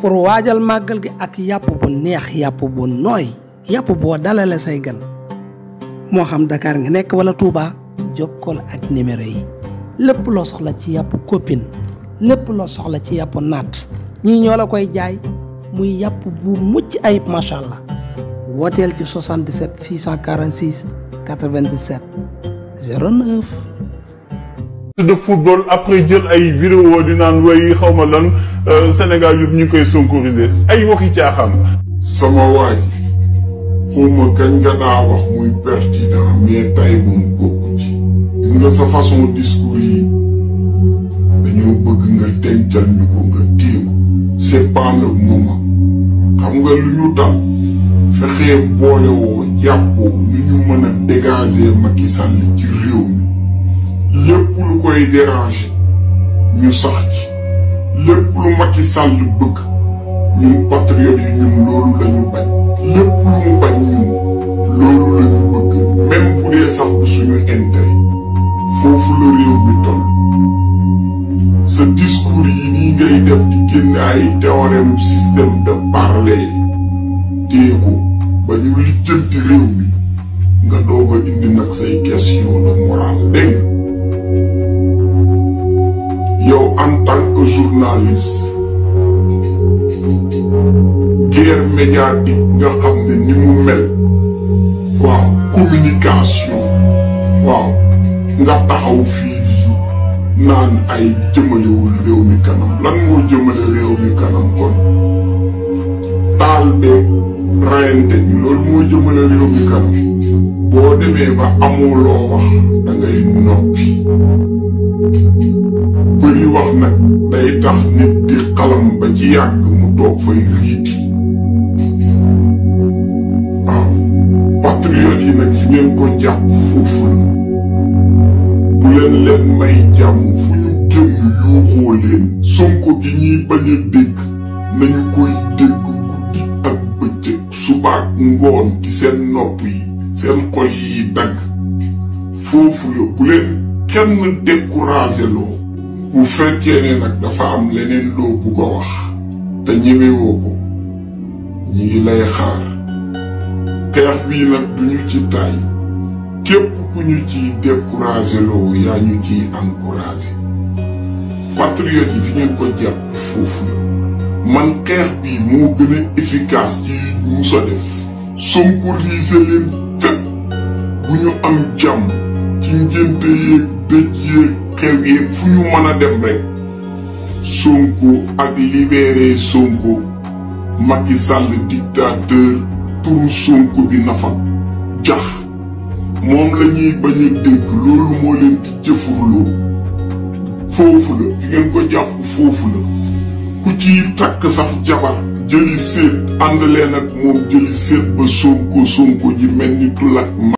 pour waajal màggal gi ak yàpp bu neex yàpp bu nooy yàpp boo dalalee say gan moo xam Dakar ngi nekk wala Touba jokkool ak numéro yi lépp loo soxla ci yàpp copine lépp loo soxla ci yàpp naat ñii ñoo la koy jaay muy yàpp bu mucc ayib macha allah wooteel ci 77 646 97 09. de football après jël ay vidéo di naan way xawma lan euh, Sénégal yëpp ñu ngi koy sonkorisé ay waxi caaxaan la. sama waay xaw kañ nga daa wax muy pertinent mais tay moom bokku ci. nga sa façon discours yi dañoo bëgg nga dencal ñu ko nga téye ko c'est pas xam nga lu ñu dal fexee boolewoo jàppoo lu ñu mën a dégager Macky Sall ci réew lépp lu koy déranger ñu sax ci lépp lu Macky Sall bëgg ñun patriotes yi ñun loolu la bañ lépp lu mu bañ ñun loolu la bëgg même bu dee sax du suñu intérêt foofu la réew mi toll sa discours yi nii ngay def di génn ay théorème système de parler téeku ba ñu lijjanti réew mi nga doog a indi nag say question de morale dégg en tant journaliste guerre médiatique nga xam ne ni mu mel waaw communication waaw nga taxaw fii di naan ay jëmalewul réew mi kanam lan moo jëmale réew mi kanam boo demee ba amuloo wax da ngay ñuy wax nag day tax nit di xalam ba ci yàgg mu toog fay riiti waaw patriote yi nag fi ngeen ko jàpp foofu la bu leen may jàmm fu ñu génn yuuxoo leen sonko gi ñuy bañ a nañu koy dégg guddi ak bëccëg subaak ngoon ci seen nopp yi seen xol yi dagg foofu la bu kenn découragé loo bu fekkee ne nag dafa am leneen loo bugg a wax te ñemewoo ko ñu ngi lay xaar xeex bii nag duñu ci tay képp ku ñu ciy découragé loo yaa ñu ciy encouragé patriote yi fi ngeen ko jàpp foofu la man xeex bii moo gën a efficace ci mus a def sonkorise leen fépp bu ñu am jàmm ci ngénte yéeg dëj yéeg xew yi fu ñu mën a dem rek Sonko ak libéré Sonko Macky Sall turu Sonko bi nafa jax moom la ñuy a dégg loolu moo leen di jëfurloo foofu la fi ngeen ko jàpp foofu la ku ciy takk sax jabar jëli séet ànd leen ak moom jëli séet ba Sonko Sonko ji mel ni tulak